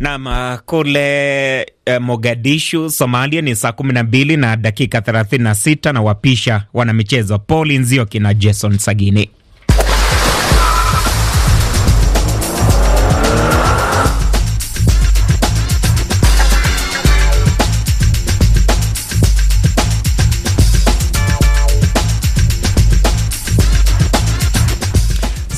nam ah, kule e, Mogadishu, Somalia ni saa kumi na mbili na dakika thelathini na sita na wapisha wanamichezo Paul Nzioki na Jason Sagini.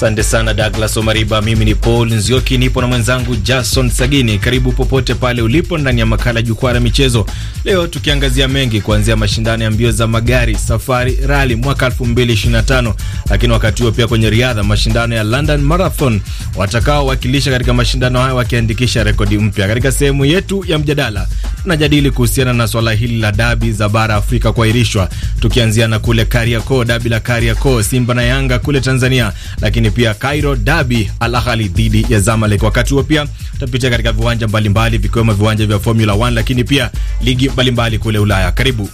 Asante sana Douglas Omariba. Mimi ni Paul Nzioki, nipo na mwenzangu Jason Sagini. Karibu popote pale ulipo ndani ya makala Jukwaa la Michezo. Leo tukiangazia mengi, kuanzia mashindano ya mbio za magari Safari Rali mwaka 2025, lakini wakati huo pia kwenye riadha, mashindano ya London Marathon, watakaowakilisha katika mashindano hayo wakiandikisha rekodi mpya. Katika sehemu yetu ya mjadala tunajadili kuhusiana na swala hili la dabi za bara Afrika kuahirishwa, tukianzia na kule Kariakoo, dabi la Kariakoo, Simba na Yanga kule Tanzania, lakini pia Cairo, dabi Al Ahly dhidi ya Zamalek. Wakati huo pia tutapitia katika viwanja mbalimbali vikiwemo viwanja vya Formula 1 lakini pia ligi mbalimbali kule Ulaya. Karibu.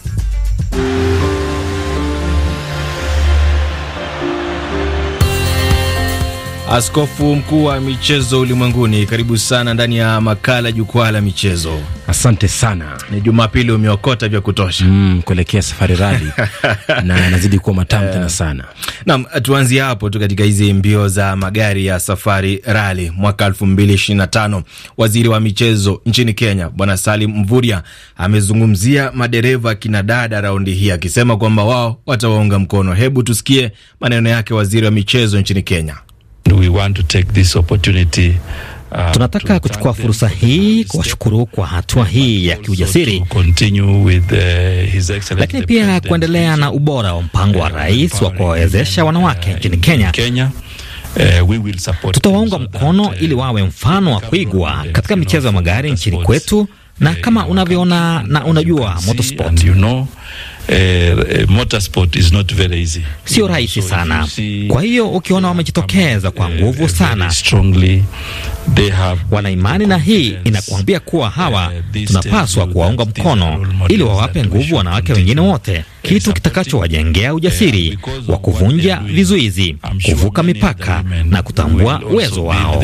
askofu mkuu wa michezo ulimwenguni. Karibu sana ndani ya makala jukwaa la michezo. Asante sana. Ni Jumapili umeokota vya kutosha mm, kuelekea safari rali na anazidi kuwa matamu eh. tena sana. Naam, tuanzie hapo tu katika hizi mbio za magari ya safari rali mwaka elfu mbili ishirini na tano. Waziri wa michezo nchini Kenya Bwana Salim Mvurya amezungumzia madereva kina dada raundi hii akisema kwamba wao watawaunga mkono. Hebu tusikie maneno yake waziri wa michezo nchini Kenya. We want to take this opportunity uh, tunataka kuchukua fursa hii kuwashukuru kwa hatua hii ya kiujasiri, uh, lakini pia kuendelea na ubora wa mpango wa rais wa kuwawezesha wanawake uh, nchini Kenya. tutawaunga mkono ili wawe mfano wa kuigwa katika michezo ya magari nchini kwetu, na kama unavyoona na unajua motorsport eh, eh, motorsport is not very easy, sio rahisi so sana. Kwa hiyo ukiona wamejitokeza kwa eh, nguvu uh, sana strongly, they have wana imani na hii inakuambia kuwa eh, hawa uh, tunapaswa kuwaunga mkono ili wawape nguvu wanawake wengine wote, kitu kitakachowajengea ujasiri wa kuvunja vizuizi, kuvuka mipaka na kutambua uwezo wao.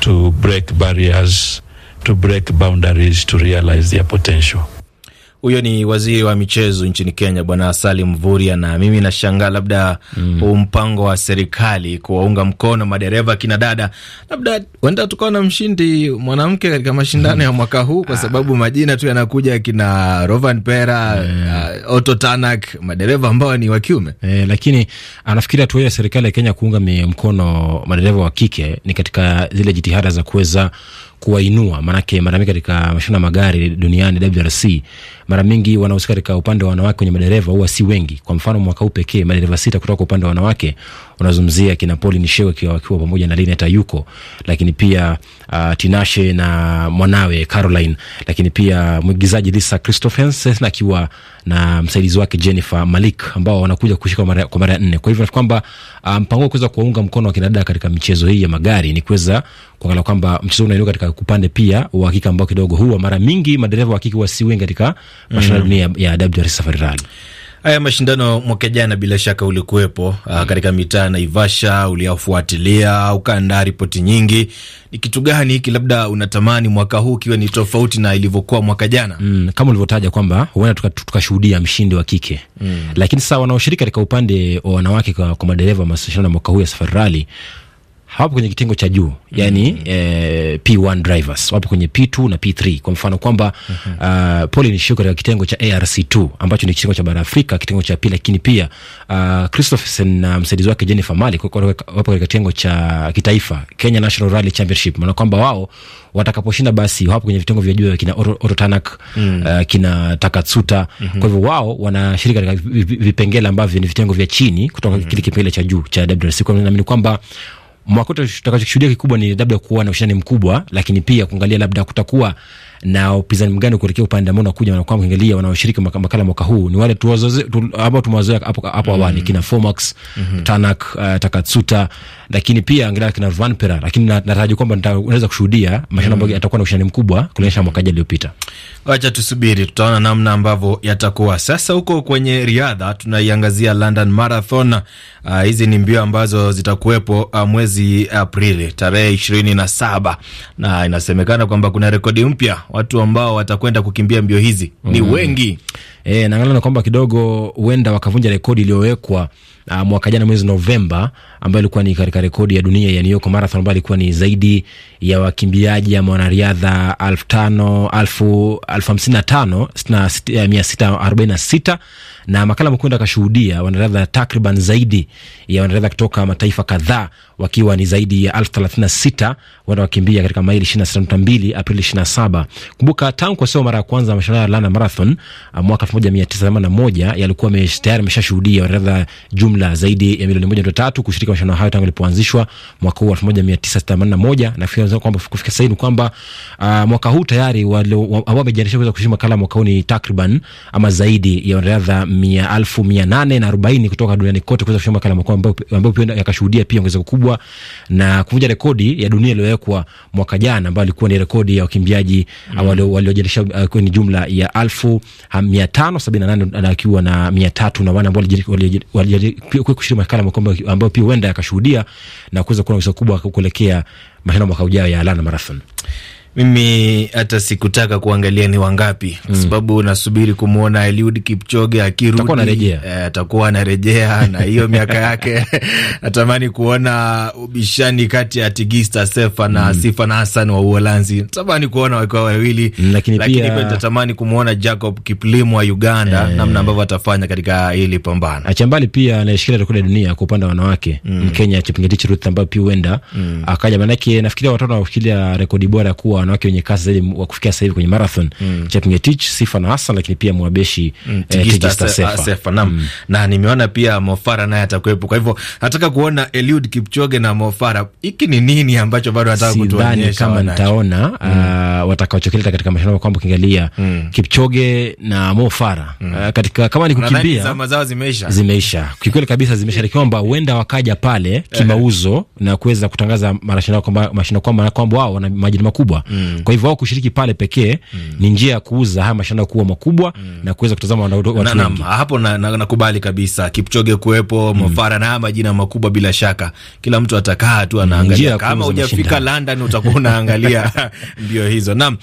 To break barriers, to break boundaries, to realize their potential. Huyo ni waziri wa michezo nchini Kenya, Bwana Salim vuria na mimi nashangaa labda mm. huu mm. mpango wa serikali kuwaunga mkono madereva kina dada, labda huenda tukawa na mshindi mwanamke katika mashindano mm. ya mwaka huu, kwa ah. sababu majina tu yanakuja kina Rovan Pera yeah. Uh, Otto Tanak, madereva ambao ni wa kiume eh, lakini anafikiria tu ya serikali ya Kenya kuunga mkono madereva wa kike ni katika zile jitihada za kuweza kuwainua, maanake mara mingi katika mashindano ya magari duniani WRC, mara mingi wanahusika katika upande wa wanawake kwenye madereva huwa si wengi. Kwa mfano mwaka huu pekee madereva sita kutoka upande wa wanawake, unazungumzia kina Pauline Shewe akiwa wakiwa pamoja na Lina Tayuko, lakini pia uh, Tinashe na mwanawe Caroline, lakini pia mwigizaji Lisa Christopherson akiwa na msaidizi wake Jennifer Malik ambao wanakuja kushika kwa mara ya nne. Kwa hivyo kwamba uh, mpango um, wa kuweza kuwaunga mkono wa kinadada katika michezo hii ya magari ni kuweza kuangalia kwamba mchezo unainuka katika upande pia uhakika ambao kidogo huwa mara mingi madereva hakika huwa si wengi katika mashindano mm -hmm. ya WRC Safari Rally. Haya mashindano mwaka jana bila shaka ulikuwepo uh, mm. katika mitaa ya Naivasha, uliyafuatilia ukaandaa ripoti nyingi. Ni kitu gani hiki labda unatamani mwaka huu kiwe ni tofauti na ilivyokuwa mwaka jana? Mm, kama ulivyotaja kwamba huenda tukashuhudia tuka mshindi wa kike mm. Lakini sasa wanaoshiriki katika upande wa wanawake kwa, kwa madereva mashindano ya mwaka huu ya Safari Rally hawapo kwenye kitengo cha juu yani, mm -hmm. eh, P1 drivers wapo kwenye P2 na P3. Kwa mfano kwamba mm -hmm. uh, ah, Poli ni shirika katika kitengo cha ARC2 ambacho ni kitengo cha bara Afrika, kitengo cha pili, lakini pia uh, Christopherson na msaidizi wake Jennifer Mali wapo katika kitengo cha kitaifa Kenya National Rally Championship, maana kwamba wao watakaposhinda basi wapo kwenye vitengo vya juu kina Ototanak mm. uh, kina Takatsuta mm -hmm. Kwa hivyo wao wanashiriki katika vipengele ambavyo ni vitengo vya chini kutoka mm -hmm. kile kipengele cha juu cha WRC. Kwa hivyo naamini kwamba mwaka tutakachoshuhudia kikubwa ni labda kuwa na ushindani mkubwa, lakini pia kuangalia labda kutakuwa na upinzani mgani kuelekea upande ambao unakuja, na kwamba kuangalia wanaoshiriki makala mwaka huu ni wale ambao tumewazoea hapo hapo awali, mm-hmm. kina Fomax, mm -hmm. Tanak, uh, Takatsuta, lakini pia angalia kina Vanpera, lakini nataraji kwamba unaweza kushuhudia mashindano ambayo mm-hmm. yatakuwa na ushindani mkubwa kulinganisha mwaka jana uliopita. Wacha tusubiri, tutaona namna ambavyo yatakuwa. Sasa huko kwenye riadha tunaiangazia London Marathon. Uh, hizi ni mbio ambazo zitakuwepo uh, mwezi mwezi Aprili tarehe ishirini na saba na inasemekana kwamba kuna rekodi mpya watu ambao watakwenda kukimbia mbio hizi ni mm. wengi e, naangalia na kwamba kidogo huenda wakavunja rekodi iliyowekwa ah, mwaka jana mwezi Novemba ambayo ilikuwa ni katika rekodi ya dunia ya New York Marathon ambayo ilikuwa ni zaidi ya wakimbiaji ama wanariadha elfu tano elfu hamsini na tano eh, mia sita arobaini na sita na makala mkwenda akashuhudia wanariadha takriban zaidi ya wanariadha kutoka mataifa kadhaa wakiwa ni zaidi ya elfu thelathini na sita wanawakimbia katika maili ishirini na sita nukta mbili Aprili ishirini na saba. Kumbuka tangu kwa sio mara ya kwanza mashindano ya London Marathon ah, mwaka elfu moja mia tisa themanini na moja yalikuwa tayari ameshashuhudia wanariadha jumla zaidi ya milioni moja nukta tatu kushiriki katika mashindano hayo tangu ilipoanzishwa mwaka huu 1981 na fikiri kwamba kufika sasa ni kwamba uh, mwaka huu tayari wale ambao wamejiandikisha kuweza kushiriki makala mwaka huu ni takriban ama zaidi ya wanariadha 1840 kutoka duniani kote kuweza kushiriki makala mwaka ambao ambao pia yakashuhudia pia ongezeko kubwa na kuvunja rekodi ya dunia iliyowekwa mwaka jana ambayo ilikuwa ni rekodi ya wakimbiaji uh, mm. wale waliojiandikisha uh, ni jumla ya elfu uh, mia tano na nane akiwa na mia tatu na wane ambao walikuwa kushiriki makala mwaka ambao pia huenda yakashuhudia na kuweza kuwa na kisa kubwa kuelekea mashindano mwaka ujao ya London Marathon. Mimi hata sikutaka kuangalia ni wangapi kwa mm. sababu nasubiri kumwona Eliud Kipchoge akirudi, atakuwa anarejea eh, na hiyo miaka yake. Natamani kuona ubishani kati ya Tigista Sefa na mm. na Hassan wa Uholanzi, natamani kuona wakiwa wawili, mm, lakini, lakini pia natamani kumwona Jacob Kiplimo wa Uganda ee, namna ambavyo atafanya katika hili pambano. Achambali pia anayeshikilia rekodi ya dunia kwa upande wa wanawake mm. Mkenya Chepngetich Ruth ambayo pia huenda mm. akaja, maanake nafikiria watoto wanaoshikilia rekodi bora kuwa wanawake wenye kasi zaidi wa kufikia sasa hivi kwenye marathon mm. Chepngetich, na Hassan, lakini pia Mwabeshi eh, mm. eh, Tigista Sefa, Sefa nam mm. na nimeona pia Mofara naye atakuwepo. Kwa hivyo nataka kuona Eliud Kipchoge na Mofara, hiki ni nini ambacho bado nataka kutuonyesha kama nitaona mm. uh, watakaochokeleta katika mashindano kwamba kiangalia mm. Kipchoge na Mofara mm. uh, katika kama ni kukimbia zama zao zimeisha, zimeisha kikweli kabisa, zimeisha lakini kwamba huenda wakaja pale kimauzo eh. na kuweza kutangaza mashindano kwamba kwamba wao wana majina makubwa mm. Mm. Kwa hivyo wao kushiriki pale pekee mm. ni njia ya kuuza haya mashindano kuwa makubwa mm. na kuweza kutazama watu wengi. na, hapo nakubali na, na kabisa. Kipchoge kuwepo, mm. Mofara na majina makubwa bila shaka. Kila mtu atakaa tu anaangalia. Kama hujafika London utakuwa unaangalia mbio hizo. nam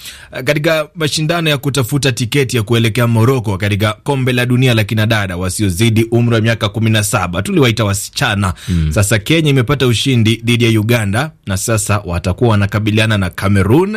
katika mashindano ya kutafuta tiketi ya kuelekea Moroko katika kombe la dunia la kinadada wasiozidi umri wa miaka 17 tuliwaita wasichana. Mm. Sasa Kenya imepata ushindi dhidi ya Uganda na sasa watakuwa wanakabiliana na Cameroon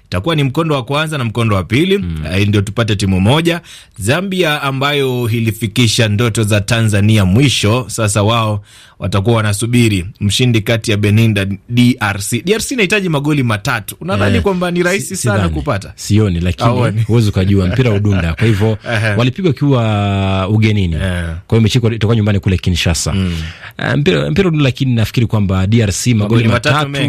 itakuwa ni mkondo wa kwanza na mkondo wa pili mm. Eh, ndio tupate timu moja. Zambia ambayo ilifikisha ndoto za Tanzania mwisho, sasa wao watakuwa wanasubiri mshindi kati ya Benin na DRC. DRC inahitaji magoli matatu. Unadhani eh, kwamba ni rahisi si, sana kupata? Sioni, lakini huwezi ukajua mpira udunda. Kwa hivyo walipigwa kiwa ugenini, eh. kwa hiyo mechi itakuwa nyumbani kule Kinshasa mm. Eh, mpira, mpira udunda, lakini nafikiri kwamba DRC magoli matatu, matatu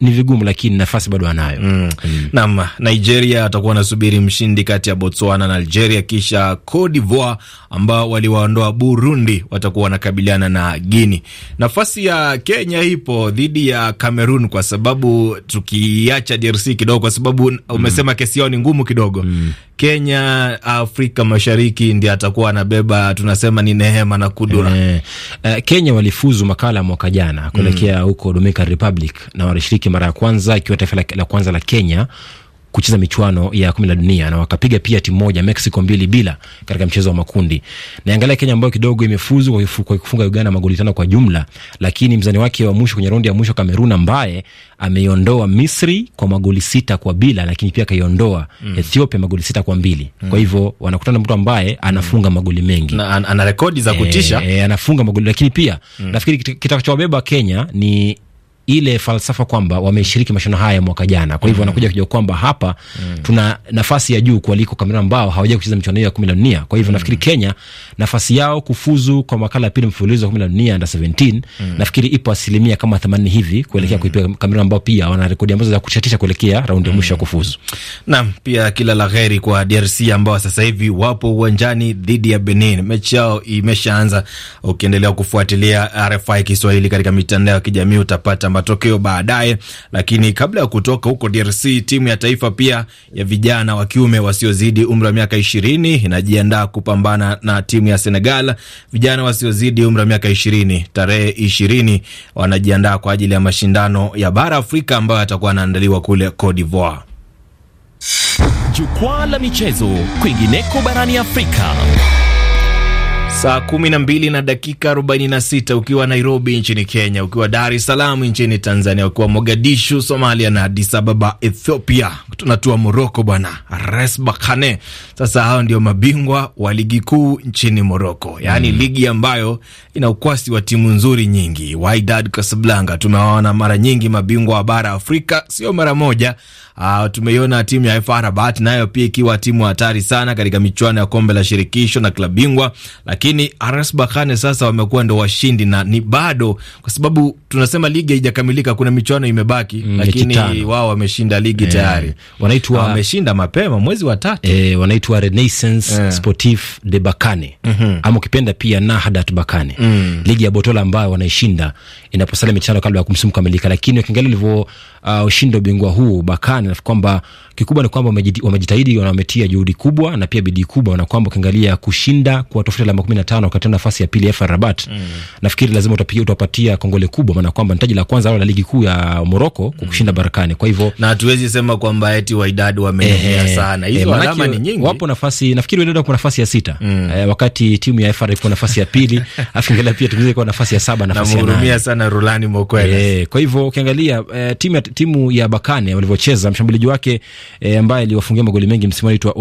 ni vigumu, lakini nafasi bado anayo mm. mm. Nam, Nigeria atakuwa anasubiri mshindi kati ya Botswana na Algeria, kisha Cote d'Ivoire ambao waliwaondoa Burundi watakuwa wanakabiliana na Guini. Nafasi ya Kenya ipo dhidi ya Cameroon, kwa sababu tukiacha DRC kidogo, kwa sababu mm. umesema mm. kesi yao ni ngumu kidogo mm. Kenya, Afrika Mashariki ndi atakuwa anabeba, tunasema ni nehema na kudura e. e, Kenya walifuzu makala ya mwaka jana kuelekea mm, huko Dominican Republic na walishiriki mara ya kwanza, ikiwa taifa la, la kwanza la Kenya kucheza michuano ya kombe la dunia na wakapiga pia timu moja Mexico mbili bila katika mchezo wa makundi. Naangalia Kenya ambayo kidogo imefuzu kwa kufunga Uganda magoli tano kwa jumla, lakini mzani wake wa mwisho kwenye raundi ya mwisho Kamerun, ambaye ameiondoa Misri kwa magoli sita kwa bila, lakini pia kaiondoa mm. Ethiopia magoli sita kwa mbili mm. Kwa hivyo wanakutana mtu ambaye anafunga mm. magoli mengi na, an, ana rekodi za kutisha e, anafunga magoli lakini pia mm. nafikiri kitakachowabeba kita Kenya ni ile falsafa kwamba wameshiriki mashindano haya mwaka jana, kwa hivyo mm-hmm. wanakuja kujua kwamba hapa mm. tuna nafasi ya juu kuliko Kamerun ambao hawajai kucheza michuano hiyo ya kumi la dunia. Kwa hivyo mm. nafikiri Kenya nafasi yao kufuzu kwa makala ya pili mfululizo wa kumi la dunia under 17 mm. nafikiri ipo asilimia kama 80 hivi kuelekea mm. kuipiga Kamerun ambao pia wana rekodi ambazo za kuchatisha kuelekea raundi ya mm. mwisho mm. ya kufuzu. Naam, pia kila la heri kwa DRC ambao sasa hivi wapo uwanjani dhidi ya Benin. Mechi yao imeshaanza. Ukiendelea kufuatilia RFI Kiswahili katika mitandao ya kijamii utapata matokeo baadaye. Lakini kabla ya kutoka huko DRC, timu ya taifa pia ya vijana wa kiume wasiozidi umri wa miaka ishirini inajiandaa kupambana na timu ya Senegal. Vijana wasiozidi umri wa miaka ishirini tarehe ishirini wanajiandaa kwa ajili ya mashindano ya bara Afrika ambayo yatakuwa yanaandaliwa kule Cote d'Ivoire. Jukwaa la michezo kwingineko barani Afrika. Saa 12 na na dakika 46 ukiwa Nairobi nchini Kenya, ukiwa Dar es Salaam nchini Tanzania, ukiwa Mogadishu Somalia na Addis Ababa Ethiopia, tunatua Moroko bwana Resbakane. Sasa hao ndio mabingwa wa ligi kuu nchini Moroko, yaani mm, ligi ambayo ina ukwasi wa timu nzuri nyingi. Wydad Casablanca tumewaona mara nyingi mabingwa wa bara Afrika, sio mara moja. Uh, tumeiona timu ya FAR Rabat nayo pia ikiwa timu hatari sana katika michuano ya kombe la shirikisho na klabu bingwa lakini lakini RS Bakane sasa wamekuwa ndo washindi, na ni bado kwa sababu tunasema ligi haijakamilika, kuna michuano imebaki mm, lakini wao wameshinda ligi e, tayari wanaitwa ah, wameshinda mapema mwezi wa tatu e, wanaitwa Renaissance e, Sportif de Bakane mm -hmm. ama ukipenda pia Nahadat Bakane mm. ligi ya Botola ambayo wanaishinda inaposalia michuano kabla ya kumsimu kukamilika, lakini ukiangalia ulivyo uh, ushindi wa ubingwa huu bakani, na kwamba kikubwa ni kwamba wamejitahidi na wametia juhudi kubwa na pia bidii kubwa, na kwamba ukiangalia kushinda kwa kumi na tano wakati nafasi ya pili FAR Rabat mm. nafikiri lazima utapiga utapatia kongole kubwa, maana kwamba ni taji la kwanza la ligi kuu ya Moroko kwa mm. kushinda mm. Barkane. Kwa hivyo na hatuwezi sema kwamba eti Wydad wameenea sana, hizo eh, alama ni nyingi, wapo nafasi nafikiri Wydad wapo nafasi ya sita mm. e, wakati timu ya FAR ipo nafasi ya pili afu angalia pia tumizi kwa nafasi ya saba nafasi ya nane. Namhurumia sana Rulani Mokwele. e, eh, kwa hivyo ukiangalia e, timu ya timu ya Bakane walivyocheza, mshambuliaji wake eh, ambaye aliwafungia magoli mengi msimu anaitwa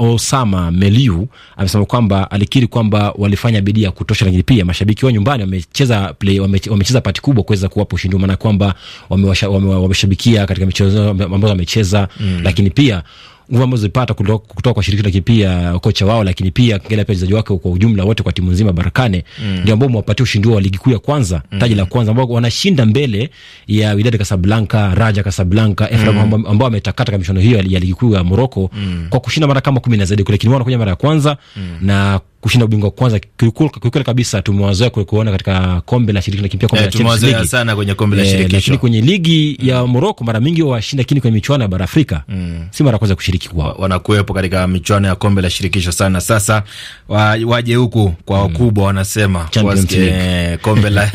Osama Meliu amesema kwamba alikiri kwamba walifanya bidii ya kutosha, lakini pia mashabiki wa nyumbani wamecheza play, wamecheza pati kubwa kuweza kuwapa ushindi, maana kwamba wameshabikia katika michezo ambayo wamecheza mm. lakini pia nguvu ambazo zipata kutoka, kutoka kwa shirikisho lakini pia kocha wao, lakini pia kingela pia wachezaji wake kwa ujumla wote kwa timu nzima Barakane mm. ndio ambao mwapatia ushindi wa ligi kuu ya kwanza mm. taji la kwanza ambao wanashinda mbele ya Wydad Casablanca, Raja Casablanca mm. FRM ambao wametakata katika michuano hiyo ya ligi kuu ya Morocco mm. kwa kushinda mara kama 10 na zaidi kule, lakini wao wanakuja mara ya kwanza mm. na kushinda ubingwa wa kwanza. Kiukweli kabisa tumewazoea kuona katika kombe la shirikisho, lakini pia kombe la Champions eh, sana kwenye kombe la eh, shirikisho, lakini kwenye ligi mm. ya Morocco mara mingi washinda, lakini kwenye michuano ya bara Afrika mm. si mara kwanza kushiriki kwao, wanakuwepo katika michuano ya kombe la shirikisho sana. Sasa wa, waje huku kwa mm. wakubwa, wanasema kombe la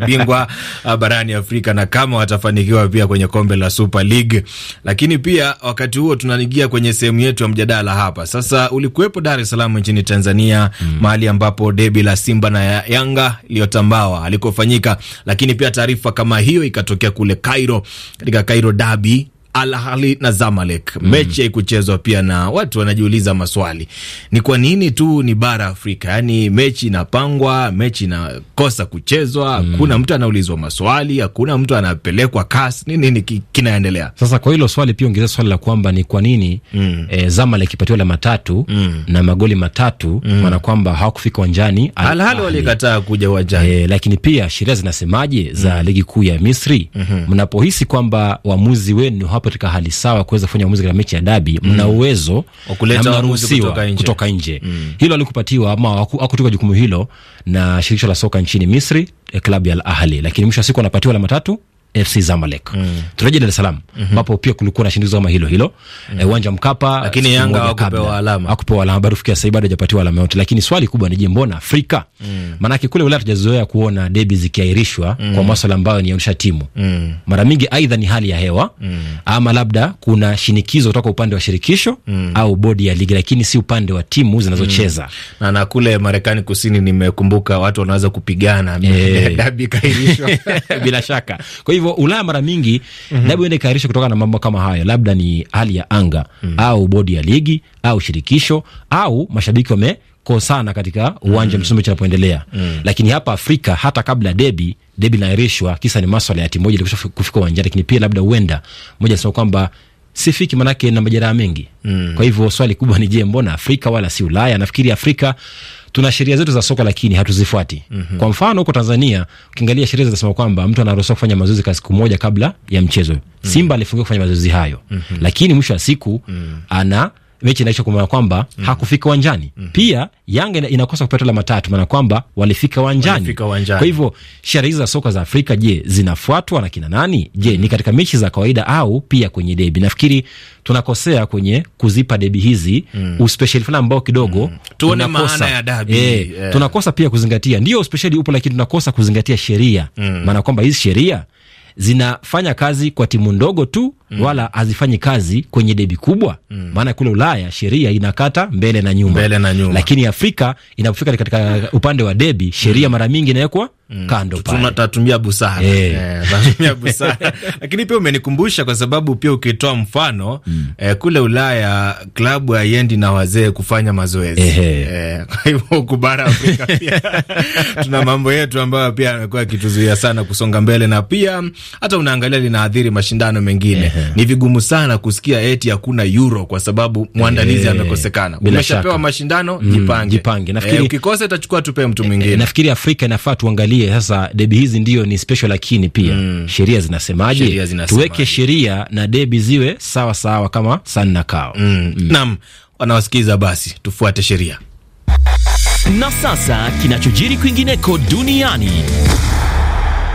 bingwa ah, barani Afrika, na kama watafanikiwa pia kwenye kombe la Super League. Lakini pia wakati huo tunaingia kwenye sehemu yetu ya mjadala hapa sasa. Ulikuwepo Dar es Salaam nchini Tanzania mm. mahali ambapo debi la Simba na Yanga iliyotambawa alikofanyika, lakini pia taarifa kama hiyo ikatokea kule Cairo, katika Cairo Derby Al Ahly na Zamalek. Mm. Mechi haikuchezwa pia, na watu wanajiuliza maswali, ni kwa nini tu ni bara Afrika? Yani mechi inapangwa, mechi inakosa kuchezwa, mm. hakuna mm. mtu anaulizwa maswali, hakuna mtu anapelekwa kas, ni nini kinaendelea sasa? Kwa hilo swali pia ongeza swali la kwamba ni kwa nini mm. e, Zamalek ipatiwa alama tatu mm. na magoli matatu mm. maana kwamba hawakufika uwanjani, Al Ahly walikataa kuja uwanjani e, lakini pia sheria zinasemaje za mm. ligi kuu ya Misri? mm -hmm. mnapohisi kwamba uamuzi wenu hapa katika hali sawa kuweza kufanya uamuzi katika mechi ya dabi, mm. mna uwezo wa kuleta kutoka nje, kutoka nje. Mm. Hilo alikupatiwa ama hakutuka jukumu hilo na shirikisho la soka nchini Misri, eh, klabu ya Al Ahli, lakini mwisho wa siku anapatiwa alama tatu FC Zamalek. Mm. Turejea Dar es Salaam mhm. ambapo mm -hmm. pia kulikuwa na shindikizo kama hilo hilo mm. Eh, uwanja mm. e, Mkapa, lakini Yanga hawakupewa alama, hakupewa alama bado fikia sasa bado hajapatiwa alama yote. Lakini swali kubwa ni je, mbona Afrika? mm. kule Ulaya tujazoea kuona debi zikiahirishwa mm. kwa masuala ambayo ni yaonyesha timu mm. mara mingi aidha ni hali ya hewa mm. ama labda kuna shinikizo kutoka upande wa shirikisho mm. au bodi ya ligi, lakini si upande wa timu zinazocheza mm. na na kule Marekani Kusini nimekumbuka watu wanaweza kupigana e. Eh. dabi kairishwa bila shaka kwa hivyo hivyo Ulaya mara mingi mm -hmm. labda uende ikairisha kutokana na mambo kama hayo, labda ni hali ya anga mm -hmm. au bodi ya ligi au shirikisho au mashabiki wame sana katika uwanja mchezo mm. unapoendelea mm. Lakini hapa Afrika hata kabla debi debi linairishwa, kisa ni maswala ya timu moja ilikwisha kufika uwanjani, lakini pia labda huenda moja sema kwamba sifiki, manake na majeraha mengi mm. Kwa hivyo swali kubwa ni je, mbona Afrika wala si Ulaya? Nafikiri Afrika tuna sheria zetu za soka lakini hatuzifuati. mm -hmm. Kwa mfano huko Tanzania ukiangalia sheria zinasema kwamba mtu anaruhusiwa kufanya mazoezi kwa siku moja kabla ya mchezo. Mhm. Simba alifungiwa kufanya mazoezi hayo, mm -hmm. lakini mwisho wa siku mm -hmm. ana mechi inaisha kwa maana kwamba mm. -hmm. hakufika uwanjani mm. -hmm. Pia Yanga inakosa kupata alama tatu, maana kwamba walifika uwanjani. Kwa hivyo sheria hizi za soka za Afrika, je, zinafuatwa na kina nani? Je, mm. -hmm. ni katika mechi za kawaida au pia kwenye debi? Nafikiri tunakosea kwenye kuzipa debi hizi mm. uspesheli fulani ambao kidogo mm. tuone maana ya dabi e, eh, yeah. tunakosa pia kuzingatia, ndio uspesheli upo, lakini tunakosa kuzingatia sheria mm. maana mm. kwamba hizi sheria zinafanya kazi kwa timu ndogo tu mm. wala hazifanyi kazi kwenye debi kubwa mm. maana kule Ulaya sheria inakata mbele na nyuma, mbele na nyuma. Lakini Afrika inapofika katika upande wa debi sheria mm. mara mingi inawekwa Mm. kando pale tunatumia busara yeah. E, eh, busara lakini pia umenikumbusha kwa sababu pia ukitoa mfano mm. E, kule Ulaya klabu haiendi na wazee kufanya mazoezi e, kwa hivyo kubara Afrika pia tuna mambo yetu ambayo pia amekuwa akituzuia sana kusonga mbele, na pia hata unaangalia linaathiri mashindano mengine Ehe. Ni vigumu sana kusikia eti hakuna Euro kwa sababu mwandalizi amekosekana. Umeshapewa mashindano, mm, jipange, jipange. Nafikiri ukikosa itachukua tupe mtu mwingine. Nafikiri Afrika inafaa tuangalie tuangalie sasa, debi hizi ndio ni special, lakini pia mm. sheria zinasemaje? Sheria tuweke sheria na debi ziwe sawa sawa kama sani na kao. mm. mm. Nam wanawasikiliza, basi tufuate sheria. Na sasa kinachojiri kwingineko duniani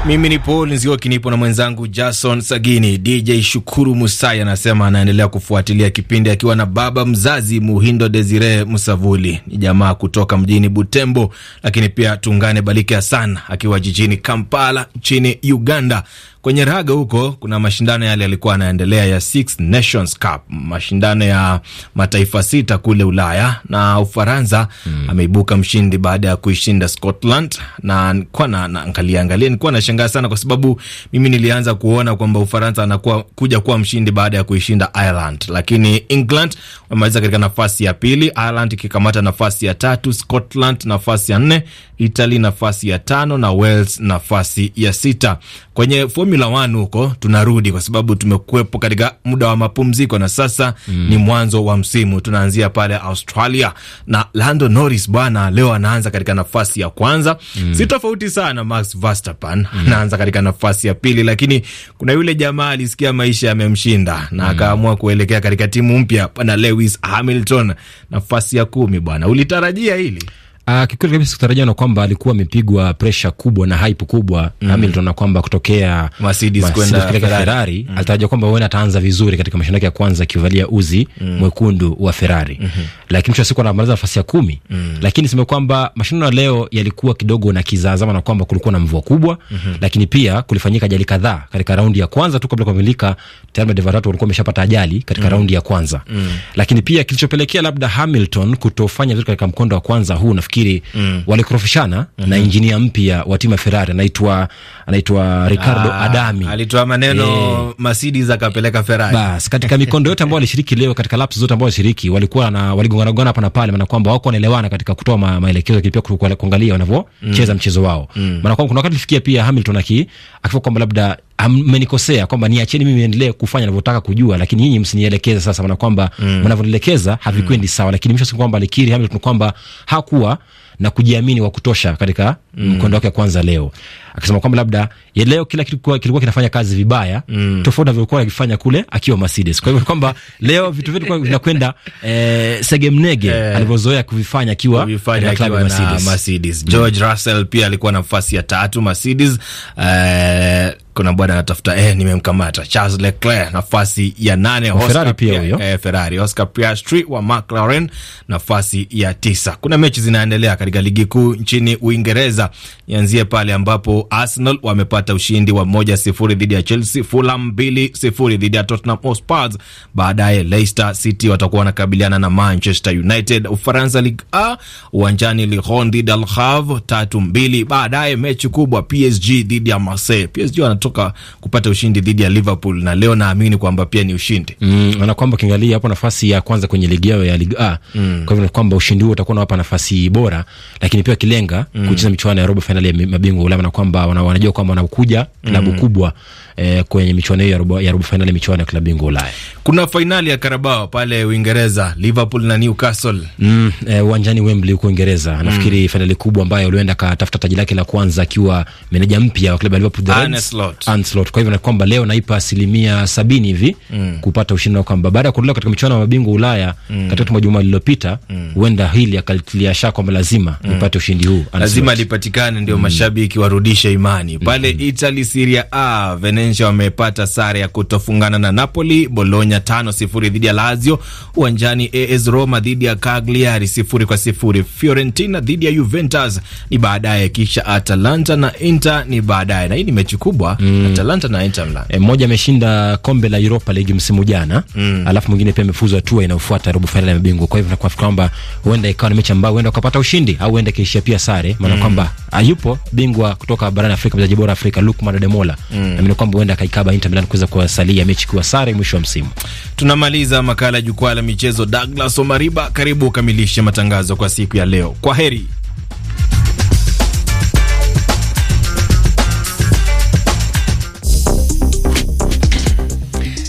mimi ni Paul Nzioki, nipo na mwenzangu Jason Sagini. DJ Shukuru Musai anasema anaendelea kufuatilia kipindi akiwa na baba mzazi Muhindo Desire Musavuli, ni jamaa kutoka mjini Butembo, lakini pia Tungane Balike Hassan akiwa jijini Kampala nchini Uganda kwenye raga huko kuna mashindano yale yalikuwa yanaendelea ya Six Nations Cup, mashindano ya mataifa sita kule Ulaya, na Ufaransa mm. ameibuka mshindi baada ya kuishinda Scotland, na nilikuwa naangalia angalia, nilikuwa nashangaa sana kwa sababu mimi nilianza kuona kwamba Ufaransa anakuwa kuja kuwa mshindi baada ya kuishinda Ireland, lakini England wamemaliza katika nafasi ya pili, Ireland ikikamata nafasi ya tatu, Scotland nafasi ya nne, Italy nafasi ya tano na Wales nafasi ya sita kwenye fomi Formula One huko tunarudi, kwa sababu tumekuwepo katika muda wa mapumziko na sasa mm. ni mwanzo wa msimu. Tunaanzia pale Australia na Lando Norris bwana, leo anaanza katika nafasi ya kwanza mm. si tofauti sana Max Verstappen mm. anaanza katika nafasi ya pili, lakini kuna yule jamaa alisikia maisha yamemshinda na mm. akaamua kuelekea katika timu mpya pana Lewis Hamilton, nafasi ya kumi bwana. Ulitarajia hili? Uh, kikweli kabisa kutarajia na kwamba alikuwa amepigwa presha kubwa na hype kubwa mm. Hamilton na kwamba kutokea Mercedes kwenda Ferrari mm. Alitarajia kwamba huenda ataanza vizuri katika mashindano yake ya kwanza akivalia uzi mm. mwekundu wa Ferrari mm -hmm. Lakini mwisho wa siku anamaliza nafasi ya kumi mm. Lakini niseme kwamba mashindano ya leo yalikuwa kidogo na kizaazama na kwamba kulikuwa na mvua kubwa mm -hmm. Lakini pia kulifanyika ajali kadhaa katika raundi ya kwanza tu kabla kukamilika, tayari madereva watatu walikuwa wameshapata ajali katika mm raundi ya kwanza mm Lakini pia kilichopelekea labda Hamilton kutofanya vizuri katika mkondo wa kwanza huu na nafikiri mm. walikorofishana mm -hmm. na injinia mpya wa timu ya Ferrari anaitwa anaitwa Ricardo ah, Adami, alitoa maneno e, Mercedes akapeleka Ferrari. Bas, katika mikondo yote ambayo walishiriki leo, katika laps zote ambayo walishiriki walikuwa na waligongana gongana hapa na pale, maana kwamba wako wanaelewana katika kutoa ma, maelekezo pia kuangalia wanavyocheza mm. mchezo wao mm. maana kwamba kuna wakati tulifikia pia Hamilton aki akifika kwamba labda mmenikosea kwamba niacheni mimi niendelee kufanya navyotaka kujua, lakini nyinyi msinielekeze sasa, maana kwamba mm. mnavyonielekeza mm. havikwendi mm. sawa. Lakini mwisho kwamba alikiri Hamilton kwamba hakuwa na kujiamini wa kutosha katika mm. mkondo mm. wake wa kwanza leo, akisema kwamba labda ya leo kila kitu kilikuwa kinafanya kazi vibaya mm. tofauti na vilivyokuwa akifanya kule akiwa Mercedes. Kwa hivyo kwamba leo vitu vyetu vinakwenda eh, segemnege eh, alivyozoea kuvifanya akiwa na klabu Mercedes. Mercedes George mm. Russell pia alikuwa na nafasi ya tatu Mercedes eh, kuna bwana anatafuta eh, nimemkamata Charles Leclerc nafasi ya nane, Ferrari pia huyo eh, Ferrari. Oscar Piastri wa McLaren nafasi ya tisa. Kuna mechi zinaendelea katika ligi kuu nchini Uingereza. Nianzie pale ambapo Arsenal wamepata ushindi wa moja sifuri dhidi ya Chelsea, Fulham mbili sifuri dhidi ya Tottenham Hotspur. Baadaye Leicester City watakuwa wanakabiliana na Manchester United. Ufaransa Ligue A, uwanjani Lyon dhidi ya Al Havre tatu mbili. Baadaye mechi kubwa PSG dhidi ya Marseille. PSG wana wametoka kupata ushindi dhidi ya Liverpool na leo naamini kwamba pia ni ushindi mm, na kwamba ukiangalia hapo nafasi ya kwanza kwenye ligi yao ya ligi A mm. Kwa hivyo kwamba ushindi huo utakuwa unawapa nafasi bora, lakini pia kilenga mm. kucheza michuano ya robo finali ya mabingwa Ulaya na kwamba wanajua kwamba wanakuja klabu mm. kubwa eh, kwenye michuano hiyo ya robo, ya robo fainali ya michuano ya klabu bingwa Ulaya. Kuna finali ya Carabao pale Uingereza, Liverpool na Newcastle mm, eh, uwanjani Wembley huko Uingereza mm. Nafikiri finali kubwa ambayo ulienda katafuta taji lake la kwanza akiwa meneja mpya wa klabu ya Liverpool Anslot. Kwa hivyo na kwamba leo naipa asilimia sabini hivi mm. kupata ushindi wa kwamba baada ya kuondoka katika michuano ya mabingwa Ulaya mm. katika tuma majuma lililopita mm. huenda mm. hili akaliasha kwamba lazima mm. nipate ushindi huu Anslot. Lazima lipatikane ndio mm. mashabiki warudishe imani pale mm -hmm. Italy Serie A Venezia wamepata sare ya kutofungana na Napoli, Bologna tano sifuri dhidi ya Lazio uwanjani. AS Roma dhidi ya Cagliari sifuri kwa sifuri. Fiorentina dhidi ya Juventus ni baadaye, kisha Atalanta na Inter ni baadaye, na hii ni mechi kubwa mm mm. Atalanta na Inter Milan. E, mmoja ameshinda kombe la Europa League msimu jana mm. alafu mwingine pia amefuzu hatua inayofuata robo fainali ya mabingwa. Kwa hivyo nafikiri kwamba huenda ikawa ni mechi ambayo huenda ukapata ushindi au huenda ikaishia pia sare, maana mm. kwamba ayupo ah, bingwa kutoka barani Afrika, mchezaji bora Afrika Lookman Ademola mm. naamini kwamba huenda akaikaba Inter Milan kuweza kuwasalia mechi kuwa sare mwisho wa msimu. Tunamaliza makala ya jukwaa la michezo. Douglas Omariba, karibu ukamilishe matangazo kwa siku ya leo. Kwa heri.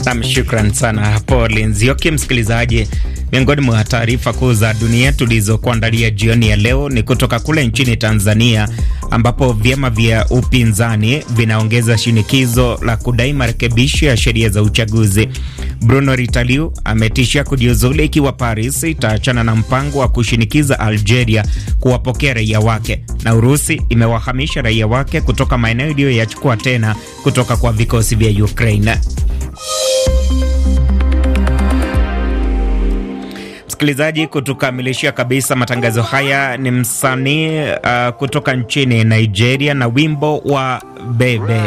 Nam, shukran sana hapo Linzioki. Msikilizaji, miongoni mwa taarifa kuu za dunia tulizokuandalia jioni ya leo ni kutoka kule nchini Tanzania, ambapo vyama vya upinzani vinaongeza shinikizo la kudai marekebisho ya sheria za uchaguzi. Bruno Ritaliu ametishia kujiuzulu ikiwa Paris itaachana na mpango wa kushinikiza Algeria kuwapokea raia wake, na Urusi imewahamisha raia wake kutoka maeneo iliyoyachukua tena kutoka kwa vikosi vya Ukraine. Msikilizaji, kutukamilishia kabisa matangazo haya ni msanii uh, kutoka nchini Nigeria na wimbo wa Bebe.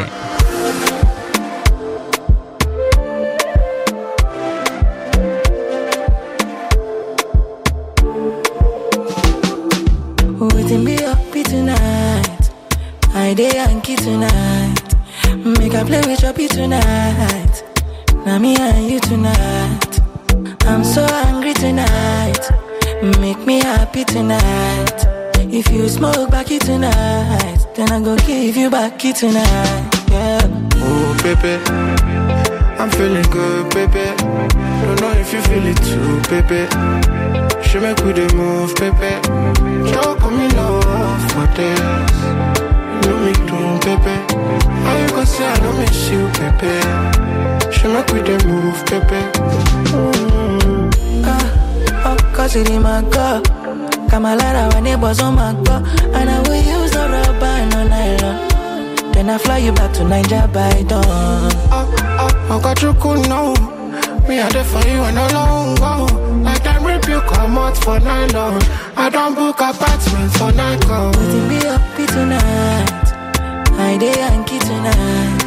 Make play with your beat tonight. Now me and you tonight. I'm so angry tonight. Make me happy tonight. If you smoke backy tonight, then I go give you backy tonight. Yeah. Oh, baby. I'm feeling good, baby. Don't know if you feel it too, baby. She make me move, baby. Choke me love for this do me do, baby. Are you gonna say I don't miss you, baby? She not we the move, baby. Mm-hmm. Ah, oh, cause it in my car. Kama lara when it was on my car. And I will use a rubber and a nylon. Then I fly you back to Nigeria by dawn. Oh, ah, oh, ah, I got you cool now. Me, I there for you and no longer. I can rebuke, you am out for nylon. I don't book apartments for night go tonight. I day Yankee tonight.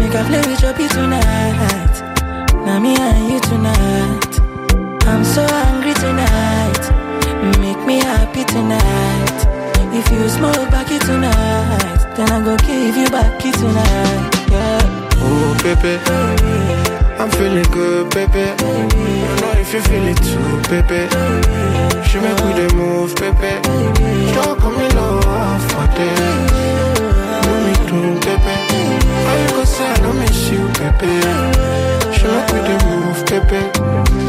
Make a play with your pee tonight. Now me and you tonight. I'm so angry tonight. Make me happy tonight. If you smoke back it tonight, then I go give you back it tonight. Yeah. Oh, baby. I'm feeling good, baby. I don't know if you feel it too, baby. She make the move, baby. Talk Pepe. Show me the move, Pepe.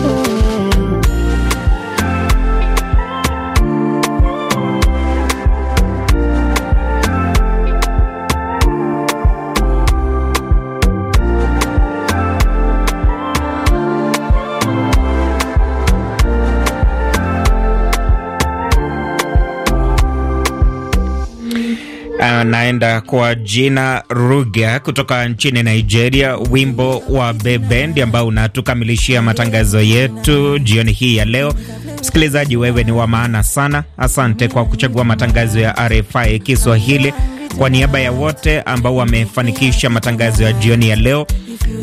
naenda kwa Jina Ruga kutoka nchini Nigeria, wimbo wa bebendi ambao unatukamilishia matangazo yetu jioni hii ya leo. Msikilizaji, wewe ni wa maana sana. Asante kwa kuchagua matangazo ya RFI Kiswahili. Kwa niaba ya wote ambao wamefanikisha matangazo ya jioni ya leo,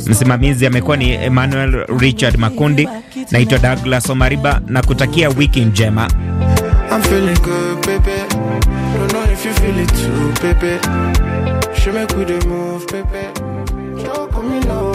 msimamizi amekuwa ni Emmanuel Richard Makundi. Naitwa Douglas Omariba na kutakia wiki njema. I'm feeling good, baby. Don't know if you feel it too, baby. She me we the move, baby. Don't put me love.